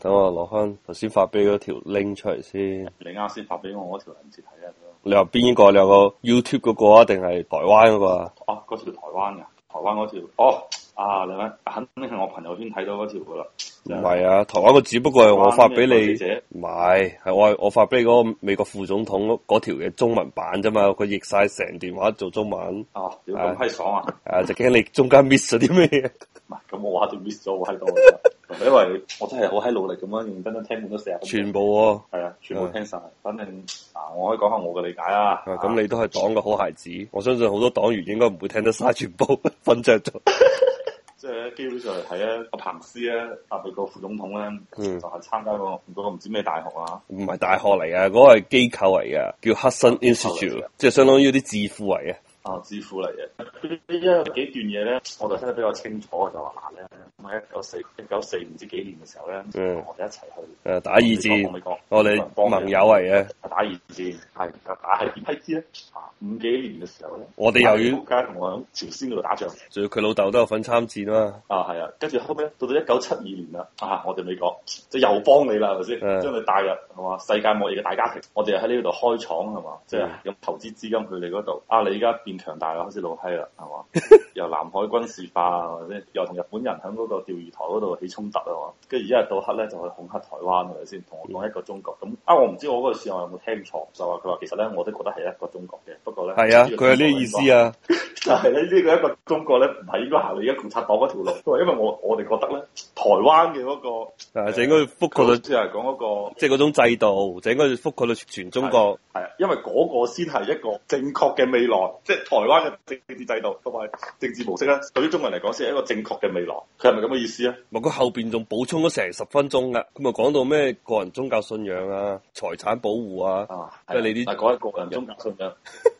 等我攞翻頭先發俾你嗰條 link 出嚟先。你啱先發俾我嗰條文字睇啊！你話邊個？你有個 YouTube 嗰個啊，定係台灣嗰個啊？哦、啊，嗰條台灣嘅，台灣嗰條。哦，啊，你睇，肯定係我朋友先睇到嗰條噶啦。唔、就、係、是、啊，台灣個只不過係我發俾你。唔係，係我我發俾你嗰個美國副總統嗰條嘅中文版啫嘛，佢譯晒成電話做中文。哦、啊，點咁閪爽啊！啊，就驚你中間 miss 咗啲咩？咁、 嗯、我話就 miss 咗喺度。 因為我真係好喺努力咁樣認真真聽滿咗成日，全部喎、啊，係啊，全部聽晒。反正嗱，我可以講下我嘅理解啊。咁你都係黨嘅好孩子，全我相信好多黨員應該唔會聽得晒全部，瞓着咗。即係、就是、基本上係 啊，彭斯咧，特別個副總統咧，嗯、就係參加個嗰個唔知咩大學啊？唔係大學嚟啊，嗰係機構嚟啊，叫 Hudson Institute，即係相當於啲智庫嚟啊。支致嚟嘅呢一有幾段嘢咧，我就聽得比較清楚嘅就話咧，咁喺一九四一九四唔知幾年嘅時候咧，我哋一齊去誒打二戰，我哋盟友嚟嘅打二戰，係打係點咧？五幾年嘅時候咧，我哋又要家同我響朝鮮嗰度打仗，仲要佢老豆都有份參戰啦。啊，係啊，跟住後尾到到一九七二年啦，啊，我哋美國就又幫你啦，係咪先？將佢帶入係嘛世界貿易嘅大家庭，我哋又喺呢度開廠係嘛，即係用投資資金去你嗰度。啊，你而家變。強 大啊，開始老閪啦，係嘛？由南海軍事化啊，或者又同日本人喺嗰個釣魚台嗰度起衝突啊，跟住一日到黑咧就去恐嚇台灣，先同我講一個中國咁、嗯。啊，我唔知我嗰時我有冇聽錯，就話佢話其實咧我都覺得係一個中國嘅，不過咧係啊，佢係呢個意思啊。但係咧呢個一個中國咧，唔係應該行你而家共產黨嗰條路，因為我我哋覺得咧台灣嘅嗰個，誒、啊，呃、就應該覆蓋到即係講個，即係嗰種制度，就應該覆蓋到全中國。係啊，因為嗰個先係一個正確嘅 未來，即台灣嘅政治制度同埋政治模式咧，對於中國人嚟講先係一個正確嘅未來，佢係咪咁嘅意思啊？佢後邊仲補充咗成十分鐘噶，咁啊講到咩個人宗教信仰啊、財產保護啊，即係你啲。啊講個人宗教信仰，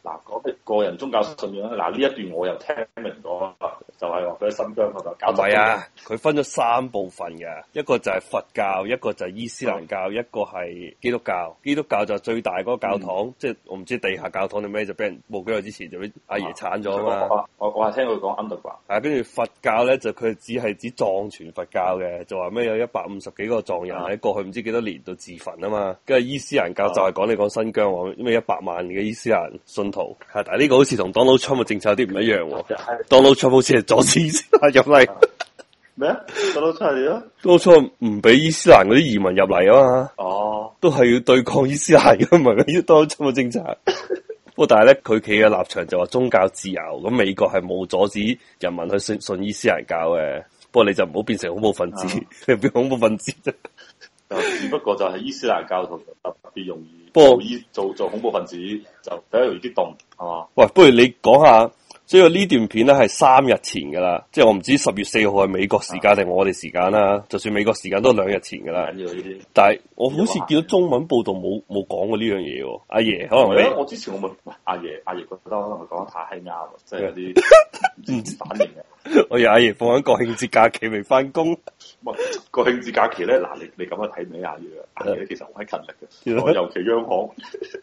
嗱講啲個人宗教信仰，嗱呢一段我又聽明咗，就係話佢喺新疆嗰度搞。唔係啊，佢分咗三部分嘅，一個就係佛教，一個就係伊斯蘭教，嗯、一個係基督教。基督教就係最大嗰個教堂，嗯、即係我唔知地下教堂係咩，就俾人冇幾耐之前就阿爺鏟咗啊嘛，我我係聽佢講 underground。啊，跟住、啊、佛教咧就佢只係指藏傳佛教嘅，就話咩有一百五十幾個藏人喺過去唔知幾多年都自焚啊嘛。跟住伊斯蘭教、啊、就係講你講新疆，因為一百萬嘅伊斯蘭信徒。但係呢個好似同 Donald Trump 嘅政策有啲唔一樣、啊。Donald Trump 好似係阻止伊斯蘭入嚟咩啊？Donald Trump 係點啊？Donald Trump 唔俾伊斯蘭嗰啲移民入嚟啊嘛。哦，都係要對抗伊斯蘭噶嘛？呢 Donald Trump 嘅政策。 不過但係咧，佢企嘅立場就話宗教自由，咁美國係冇阻止人民去信信伊斯蘭教嘅。不過你就唔好變成恐怖分子，啊、你變恐怖分子。就只不過就係伊斯蘭教徒特別容易，不過做做恐怖分子就第一容易啲激動，係嘛？喂，不如你講下。所以呢段片咧係三日前噶啦，即係我唔知十月四號係美國時間定我哋時間啦。啊、就算美國時間都兩日前噶啦。些但係我好似見到中文報道冇冇講過呢樣嘢喎，阿爺、嗯、可能我之前我問阿爺，阿爺覺得可能講得太啱，即係啲唔知，知反應嘅。 我又阿爺放緊國慶節假期未翻工。國慶節假期咧，嗱你你咁啊睇你廿月，廿其實好鬼勤力嘅，尤其央行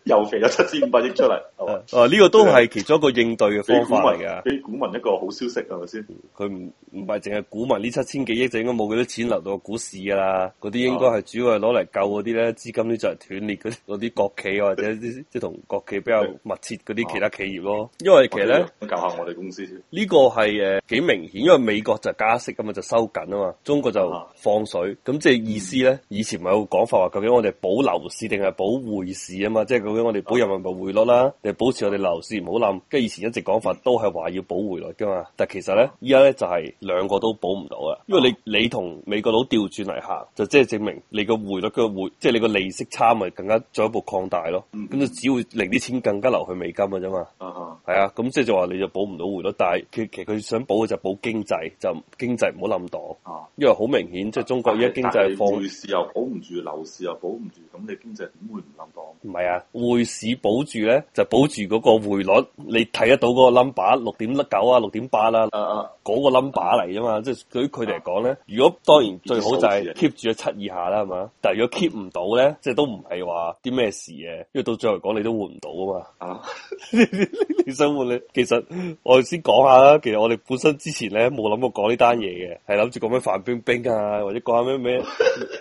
尤其有七千五百億出嚟、 啊。啊呢、這個都係其中一個應對嘅方法嚟噶，俾股，股民一個好消息係咪先？佢唔唔係淨係股民呢七千幾億就應該冇幾多錢留到股市噶啦，嗰啲應該係主要係攞嚟救嗰啲咧資金呢就斷裂嗰啲國企或者啲即係同國企比較密切嗰啲其他企業咯。因為其實咧、嗯，教下我哋公司呢個係誒幾明顯，因為美國就加息噶嘛，就收緊啊嘛，中國、就。是就、啊、放水，咁即係意思咧？以前咪有個講法話，究竟我哋保樓市定係保匯市啊？嘛，即係究竟我哋保人民幣匯率啦，你保持我哋樓市唔、啊、好冧？跟住以前一直講法、啊、都係話要保匯率噶嘛，但係其實咧，依家咧就係、是、兩個都保唔到啊！因為你你同美國佬調轉嚟下，就即係證明你個匯率嘅匯，即、就、係、是、你個利息差咪更加進一步擴大咯。咁、啊嗯、就只會令啲錢更加流去美金嘅啫嘛。係啊，咁、啊啊、即係就話你就保唔到匯率，但係佢其實佢想保嘅、就是、就保經濟，就經濟唔好冧檔，因為好。好明顯，即、就、係、是、中國依家經濟放，匯市又保唔住，樓市又保唔住，咁你經濟點會唔冧檔？唔係啊，匯市保住咧，就是、保住嗰個匯率，你睇得到嗰個 number，六點九啊，六點八啦，嗰、啊、個 number 嚟啫嘛。即係對於佢哋嚟講咧，啊、如果當然最好就係、是、keep、啊、住喺七以下啦，係嘛。但係如果 keep 唔到咧，嗯、即係都唔係話啲咩事嘅，嗯、因為到最後嚟講，你都換唔到啊嘛。啊 你，你想我咧？其實我哋先講下啦。其實我哋本身之前咧冇諗過講呢單嘢嘅，係諗住咁咩范冰冰。啊，或者講下咩咩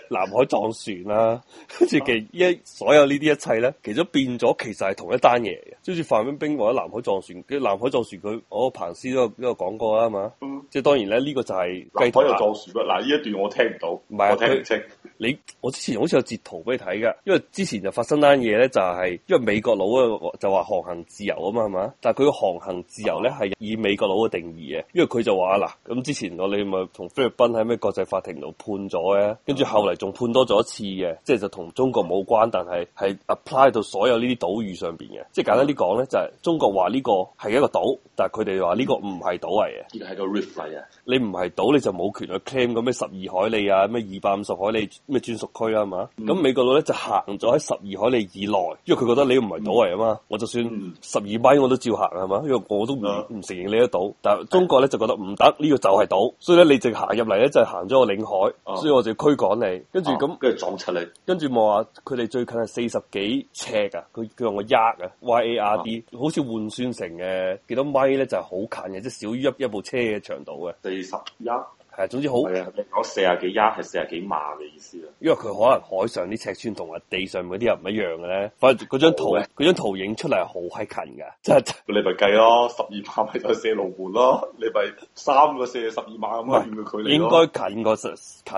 南海撞船啦，跟住其一所有呢啲一切咧，其實變咗其實係同一單嘢嘅。跟住范冰冰或者南海撞船，跟南海撞船佢，我彭斯都都有講過啊嘛。即係、嗯、當然咧，呢、呢個就係南海又撞船啦嗱？呢、嗯、一段我聽唔到，唔係我聽唔清。你我之前好似有截圖俾你睇噶，因為之前就發生單嘢咧，就係因為美國佬咧就話航行自由啊嘛，係嘛？但係佢嘅航行自由咧係以美國佬嘅定義嘅，因為佢就話啊嗱咁之前我哋咪同菲律賓喺咩國？喺法庭度判咗嘅，跟住後嚟仲判多咗一次嘅，即係就同中國冇關，但係係 apply 到所有呢啲島嶼上邊嘅。即係簡單啲講咧，嗯、就係中國話呢個係一個島，但係佢哋話呢個唔係島嚟嘅，呢個係個 riff 嚟嘅。你唔係島，你就冇權去 claim 咁咩十二海里啊，咩二百五十海里咩專屬區啦、啊、嘛。咁、嗯、美國佬咧就行咗喺十二海里以內，因為佢覺得你唔係島嚟啊嘛，嗯、我就算十二米我都照行啊嘛，因為我都唔唔、嗯、承認你係島。但係中國咧就覺得唔得，呢、呢個就係島，所以咧你直行入嚟咧就係行。咗個領海，啊、所以我就驅趕你。跟住咁，跟住撞出嚟。跟住我話佢哋最近係四十幾尺 yard, yard, 啊，佢佢用個 yard 啊，yard，A 好似換算成誒幾多米咧，就係、是、好近嘅，即、就、係、是、少於一一部車嘅長度嘅。四十一。係，總之好。係啊，你講四啊幾 yard 係四啊幾碼嘅意思咯。因為佢可能海上啲尺寸同埋地上嗰啲又唔一樣嘅咧。反正嗰張圖，嗰張嗎圖影出嚟好閪近噶。 即係你咪計咯，十二碼咪就射龍門咯。你咪三個四啊十二碼咁遠嘅距離應該近，應該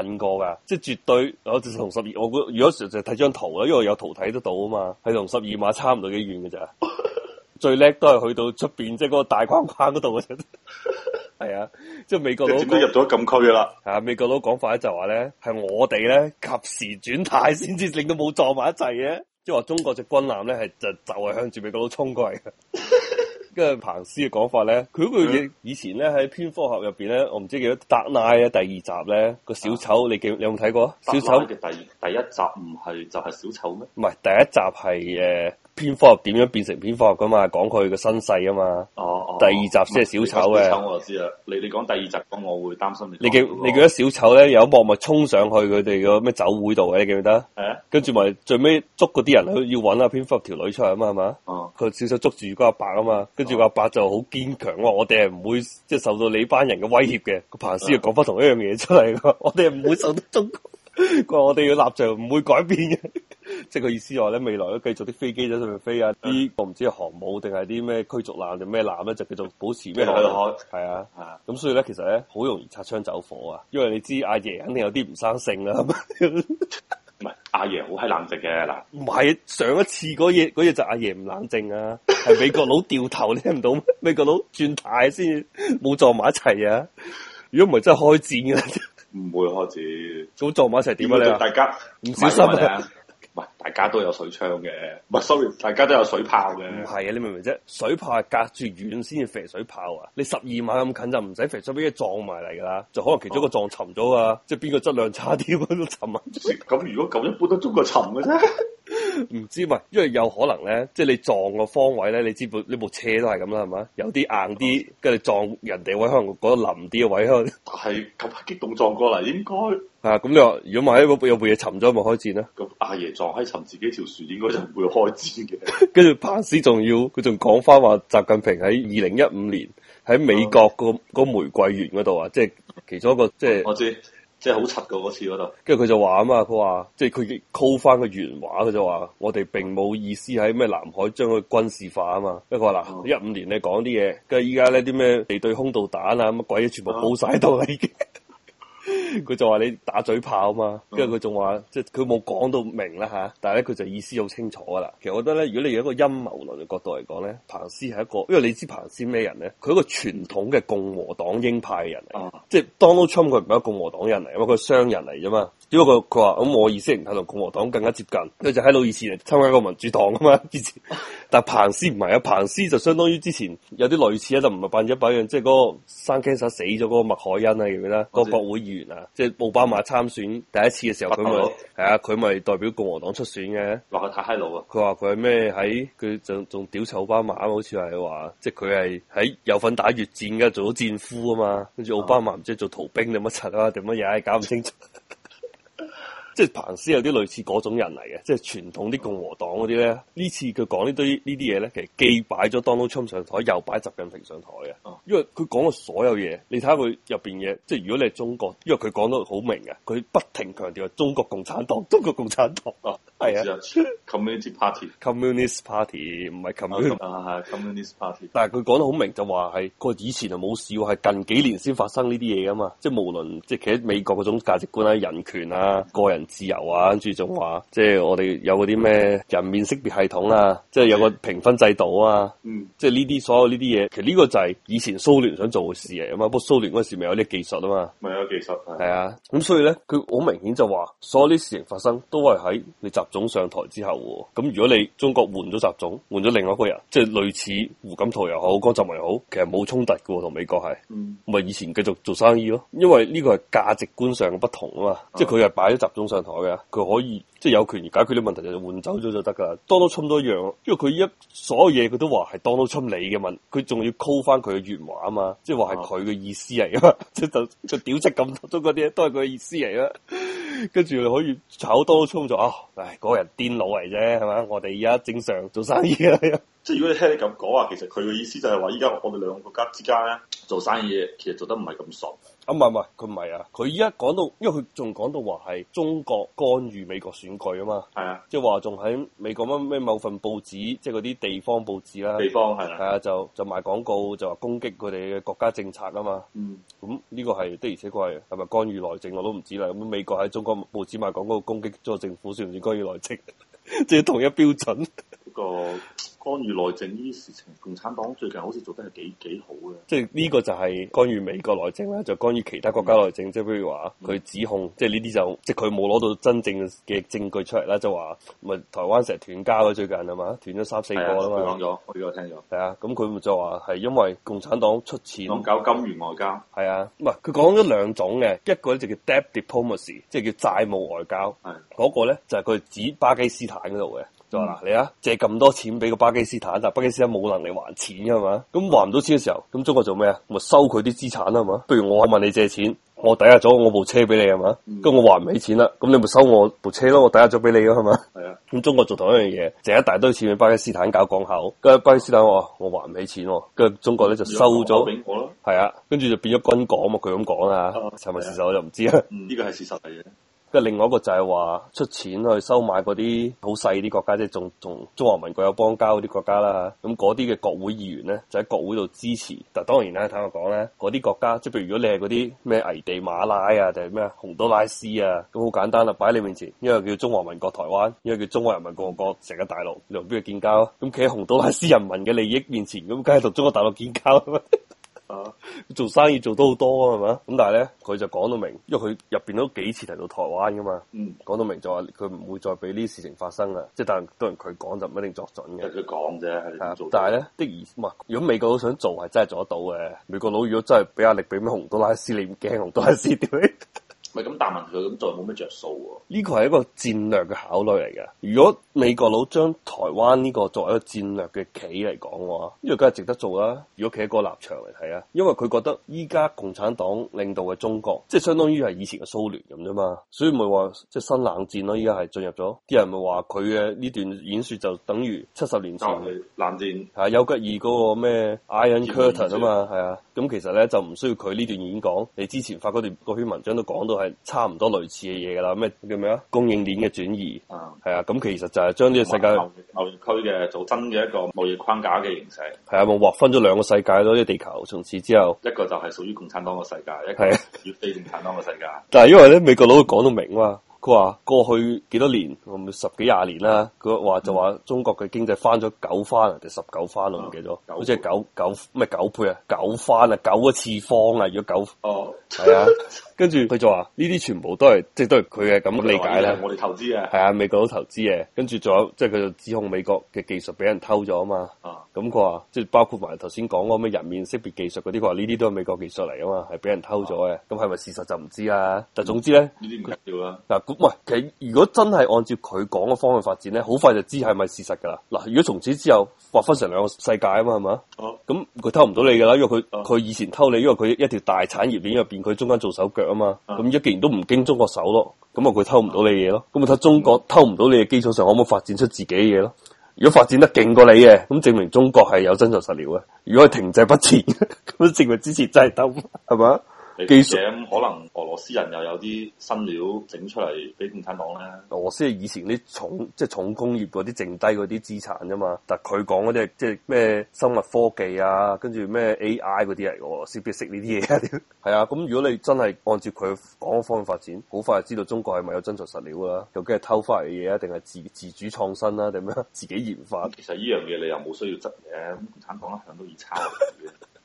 近過噶，即係絕對。我直同十二，我估如果純粹睇張圖咧，因為有圖睇得到啊嘛，係同十二碼差唔多幾遠嘅咋。 最叻都係去到出邊，即係嗰個大框框嗰度嘅啫。係 啊，即係美國佬都入咗禁區啦。吓，美國佬講法咧就話咧，係我哋咧及時轉態，先至令到冇撞埋一齊嘅。即係話中國隻軍艦咧，係就就係向住美國佬衝過嚟。跟 住彭斯嘅講法咧，佢嗰嘢以前咧喺《蝙蝠俠》入邊咧，我唔知記得達賴》啊，第二集咧個 Dark. 小丑，你記你有冇睇過？Dark Knight 小丑嘅第第一集唔係就係小丑咩？唔係第一集係誒。呃蝙蝠俠點樣變成蝙蝠俠噶嘛？講佢個身世啊嘛。哦哦。哦第二集先係小丑嘅。小丑我知啦。你你講第二集咁，我會擔心你，你。你記你記得小丑咧，有一幕咪衝上去佢哋個咩酒會度嘅，你記唔記得？係啊嗎。跟住咪最尾捉嗰啲人去，要揾阿蝙蝠俠條女出嚟啊？嘛係嘛？哦。佢小丑捉住嗰阿伯啊嘛，跟住阿伯就好堅強，話我哋係唔會即係受到你班人嘅威脅嘅。個、嗯、彭斯又講返同一樣嘢出嚟，嗯、我哋唔會受到中國， 我哋嘅立場唔會改變嘅。即係個意思話咧，未來都繼續啲飛機喺上面飛啊，啲我唔知係航母定係啲咩驅逐艦定咩艦咧，就繼續保持咩喺度開。係、嗯、啊，咁、嗯、所以咧，其實咧好容易擦槍走火啊，因為你知阿爺肯定有啲唔生性、啊、 啦。唔係阿爺好閪冷靜嘅嗱，唔係上一次嗰嘢嗰嘢就阿爺唔冷靜啊，係 美國佬掉頭你聽唔到， 美國佬轉態先冇撞埋一齊啊！如果唔係真係開戰嘅，唔會開戰，早撞埋一齊點啊！大家唔小心啊！ 大家都有水槍嘅，唔係 sorry，大家都有水炮嘅。唔係啊，你明唔明啫？水炮係隔住遠先至肥水炮啊！你十二碼咁近就唔使肥水俾佢撞埋嚟噶啦，就可能其中一個撞沉咗啊！即係邊個質量差啲咁都沉啊。咁如果咁一半都中個沉嘅啫。 唔知咪，因為有可能咧，即係你撞個方位咧，你知部呢部車都係咁啦，係嘛，有啲硬啲，跟住是撞人哋位，可能嗰個冧啲嘅位去，但係咁激動撞過嚟，應該啊。咁你話，如果萬一有部嘢沉咗，有冇開戰啊？咁阿爺撞喺沉自己條船，應該就唔會開戰嘅。跟住彭斯仲要，佢仲講翻話，習近平喺二零一五年喺美國個、嗯、個玫瑰園嗰度啊，即係其中一個即係。我知即係好柒噶嗰次嗰度，跟住佢就話啊嘛，佢話即係佢 call 翻個原話，佢就話我哋並冇意思喺咩南海將佢軍事化啊嘛，不過嗱一五年你講啲嘢，跟住依家呢啲咩地對空導彈啊乜鬼全部鋪晒喺度啦已經。佢就話你打嘴炮啊嘛，跟住佢仲話即係佢冇講到明啦吓，但係咧佢就意思好清楚噶啦。其實我覺得咧，如果你用一個陰謀論嘅角度嚟講咧，彭斯係一個，因為你知彭斯咩人咧，佢係一個傳統嘅共和黨鷹派人嚟。嗯、即係 Donald Trump 佢唔係一個共和黨人嚟，因為佢係商人嚟之嘛。因為佢佢話咁我意思係同共和黨更加接近，佢就喺老以前嚟參加個民主黨啊嘛。以前但彭斯唔係啊，彭斯就相當於之前有啲類似啊，就唔係扮咗一百樣，即係嗰個生 cancer 死咗嗰個麥凱恩啊，記唔記得？個國、啊、會議員啊，即係奧巴馬參選第一次嘅時候，佢咪係啊，佢咪、啊、代表共和黨出選嘅。落去太嗨佬啊！佢話佢係咩？喺佢仲仲屌臭奧巴馬，好似係話即係佢係喺有份打越戰嘅，做到戰俘啊嘛。跟住奧巴馬唔知做逃兵定乜柒啊？定乜嘢？搞唔清楚。即係彭斯有啲類似嗰種人嚟嘅，即係傳統啲共和黨嗰啲咧。呢次佢講呢堆呢啲嘢咧，其實既擺咗 Donald Trump 上台，又擺習近平上台嘅。因為佢講嘅所有嘢，你睇下佢入邊嘢，即係如果你係中國，因為佢講得好明嘅，佢不停強調係中國共產黨、中國共產黨啊。係啊 Yeah.，community party，communist party 唔係 communism party，但係佢講得好明就話係個以前就冇事，係近幾年先發生呢啲嘢噶嘛。即係無論即係喺美國嗰種價值觀啊、人權啊、個人自由啊，跟住仲話即係我哋有嗰啲咩人面識別系統啊，即係有個評分制度啊，嗯、mm.，即係呢啲所有呢啲嘢，其實呢個就係以前蘇聯想做嘅事嚟，啊嘛，不過蘇聯嗰時咪有啲技術啊嘛，咪有技術係啊，咁的、嗯、所以咧佢好明顯就話所有啲事情發生都係喺你總上台之後，咁如果你中國換咗習總，換咗另外一個人，即係類似胡錦濤又好，江澤民又好，其實冇衝突嘅，同美國係，咪、嗯、以前繼續做生意咯。因為呢個係價值觀上嘅不同啊嘛，嗯、即係佢係擺喺習總上台嘅，佢可以即係有權而解決啲問題，就換、是、走咗就得噶啦。特朗普唔多樣，因為佢一所有嘢佢都話係特朗普你嘅問題嘛，佢仲要 call 翻佢嘅原話啊嘛，即係話係佢嘅意思嚟，即、嗯、 就就屌即咁，中國啲嘢都係佢嘅意思嚟啦。.跟住你可以炒多操作啊！唉、哎，嗰、那個、人癲佬嚟啫，係嘛？我哋而家正常做生意係啊。即 係如果你聽你咁講啊，其實佢嘅意思就係話，依家我哋兩個國家之間咧，做生意其實做得唔係咁熟。啊唔係唔係，佢唔係啊，佢依家講到，因為佢仲講到話係中國干預美國選舉啊嘛，係啊的，即係話仲喺美國乜咩某份報紙，即係嗰啲地方報紙啦，地方係啊，就就賣廣告就話攻擊佢哋嘅國家政策啊嘛，嗯，咁呢、嗯呢個係的而且確係係咪干預內政我都唔知啦。咁美國喺中國報紙賣廣告攻擊中國政府算唔算干預內政？即 係同一標準。個。 Oh. 干預內政呢啲事情，共產黨最近好似做得係幾幾好嘅。即係呢個就係干預美國內政啦，就干、是、預其他國家內政。嗯、即係譬如話，佢指控，嗯、即係呢啲就即係佢冇攞到真正嘅證據出嚟啦，就話咪、就是、台灣成日斷交啦，最近係嘛斷咗三四個啦嘛。講咗、啊，我依個聽咗。係啊，咁、嗯、佢就話係因為共產黨出錢搞金援外交。係啊，唔係佢講咗兩種嘅，一個咧就叫 Debt diplomacy，即係叫債務外交。係嗰的個咧就係、是、佢指巴基斯坦嗰度嘅。就嗱、嗯，你啊借咁多錢俾個巴基斯坦，但巴基斯坦冇能力還錢噶嘛，咁、嗯、還唔到錢嘅時候，咁中國做咩啊？咪收佢啲資產啦，係嘛？不如我問你借錢，我抵押咗我部車俾你，係嘛？咁、嗯、我還唔起錢啦，咁你咪收我部車咯，我抵押咗俾你咯，係嘛？係啊，咁、嗯、中國做同一樣嘢，借一大堆錢俾巴基斯坦搞港口，跟住巴基斯坦話我我還唔起錢，跟住中國咧就收咗，係啊，跟住就變咗軍港啊，佢咁講啊，係咪事實我就唔知啦、嗯，呢個係事實嚟嘅。嘅另外一個就係話出錢去收買嗰啲好細啲國家，即係仲仲中華民國有邦交嗰啲國家啦。咁嗰啲嘅國會議員咧，就喺國會度支持。但係當然啦，坦白講咧，嗰啲國家，即係譬如如果你係嗰啲咩危地馬拉啊，定係咩啊，洪都拉斯啊，咁好簡單啦，擺喺你面前，一個叫中華民國台灣，一個叫中國人民共和國成個大陸，兩邊去建交咯。咁企喺洪都拉斯人民嘅利益面前，咁梗係同中國大陸建交 啊！Uh, 做生意做得好多啊，係咪啊？咁但係咧，佢就講到明，因為佢入邊都幾次提到台灣噶嘛。講到、嗯、明就話佢唔會再俾呢啲事情發生啦。即係但係當然，佢講就唔一定作準嘅。佢講啫吓，啊、做但係咧的而，唔係如果美國佬想做係真係做得到嘅。美國佬如果真係俾壓力俾咩洪都拉斯，你唔驚洪都拉斯點？ 咪咁答問佢咁，再冇咩着數喎？呢個係一個戰略嘅考慮嚟嘅。如果美國佬將台灣呢個作為一個戰略嘅棋嚟講嘅話，呢、呢個梗係值得做啦。如果企喺嗰個立場嚟睇啊，因為佢覺得依家共產黨領導嘅中國，即係相當於係以前嘅蘇聯咁啫嘛。所以咪係話即係新冷戰咯。依家係進入咗，啲人咪話佢嘅呢段演説就等於七十年前冷，哦、戰係丘吉爾嗰個咩 Iron Curtain 啊嘛，係啊。咁、啊、其實咧就唔需要佢呢段演講，你之前發嗰段嗰篇文章都講到係。差唔多類似嘅嘢㗎啦，咩叫咩啊？供應鏈嘅轉移，係啊、嗯，咁其實就係將呢個世界貿易區嘅做真嘅一個貿易框架嘅形式，係啊，我劃分咗兩個世界咯，啲、這個、地球從此之後，一個就係屬於共產黨嘅世界，的一個越非共產黨嘅世界，的但係因為咧，美國佬會講到明嘛。佢話過去幾多年，十幾廿年啦，佢話就話中國嘅經濟翻咗九翻啊，定十九翻咯，唔記得咗，好似係九九唔係九倍啊，九翻啊，九個次方啊，如果九哦係啊，跟住佢就話呢啲全部都係，即係都係佢嘅咁理解咧。我哋投資啊，係啊，美國都投資嘅，跟住仲有即係佢就指控美國嘅技術俾人偷咗啊嘛，咁佢話即係包括埋頭先講嗰咩人面識別技術嗰啲，佢話呢啲都係美國技術嚟啊嘛，係俾人偷咗嘅，咁係咪事實就唔知啊？但係總之咧，呢啲唔緊要啦嗱。唔其實如果真係按照佢講嘅方向發展咧，好快就知係咪事實噶啦。嗱，如果從此之後劃分成兩個世界啊嘛，係嘛？咁佢、嗯、偷唔到你噶啦，因為佢佢、嗯、以前偷你，因為佢一條大產業鏈入面，然入變佢中間做手腳啊嘛。咁而家、嗯、既然都唔經中國手咯，咁啊佢偷唔到你嘢咯。咁咪睇中國偷唔到你嘅基礎上，可唔可以發展出自己嘢咯？嗯、如果發展得勁過你嘅，咁證明中國係有真材實料嘅。如果係停滯不前，咁 證明之前真係偷，係嘛？技術可能俄羅斯人又有啲新料整出嚟俾共產黨咧。俄羅斯以前啲重即係重工業嗰啲剩低嗰啲資產啫嘛。但係佢講嗰啲即係咩生物科技啊，跟住咩 AI 嗰啲嚟。俄羅斯邊識呢啲嘢啊？係 啊，咁如果你真係按照佢講嘅方向發展，好快就知道中國係咪有真材實料啦、啊？究竟係偷翻嚟嘅嘢啊，定係自自主創新啊？定咩？自己研發。其實呢樣嘢你又冇需要執嘢。咁共產黨一向都以抄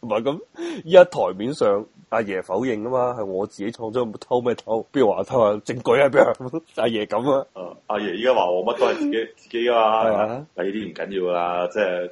唔係咁，依家 台面上，阿爺否認啊嘛，係我自己創作，偷咩偷？邊個話偷啊，證據係邊啊？阿爺咁啊，阿爺依家話我乜都係自己 自己噶嘛，係啊，嗎但係呢啲唔緊要啦，即係。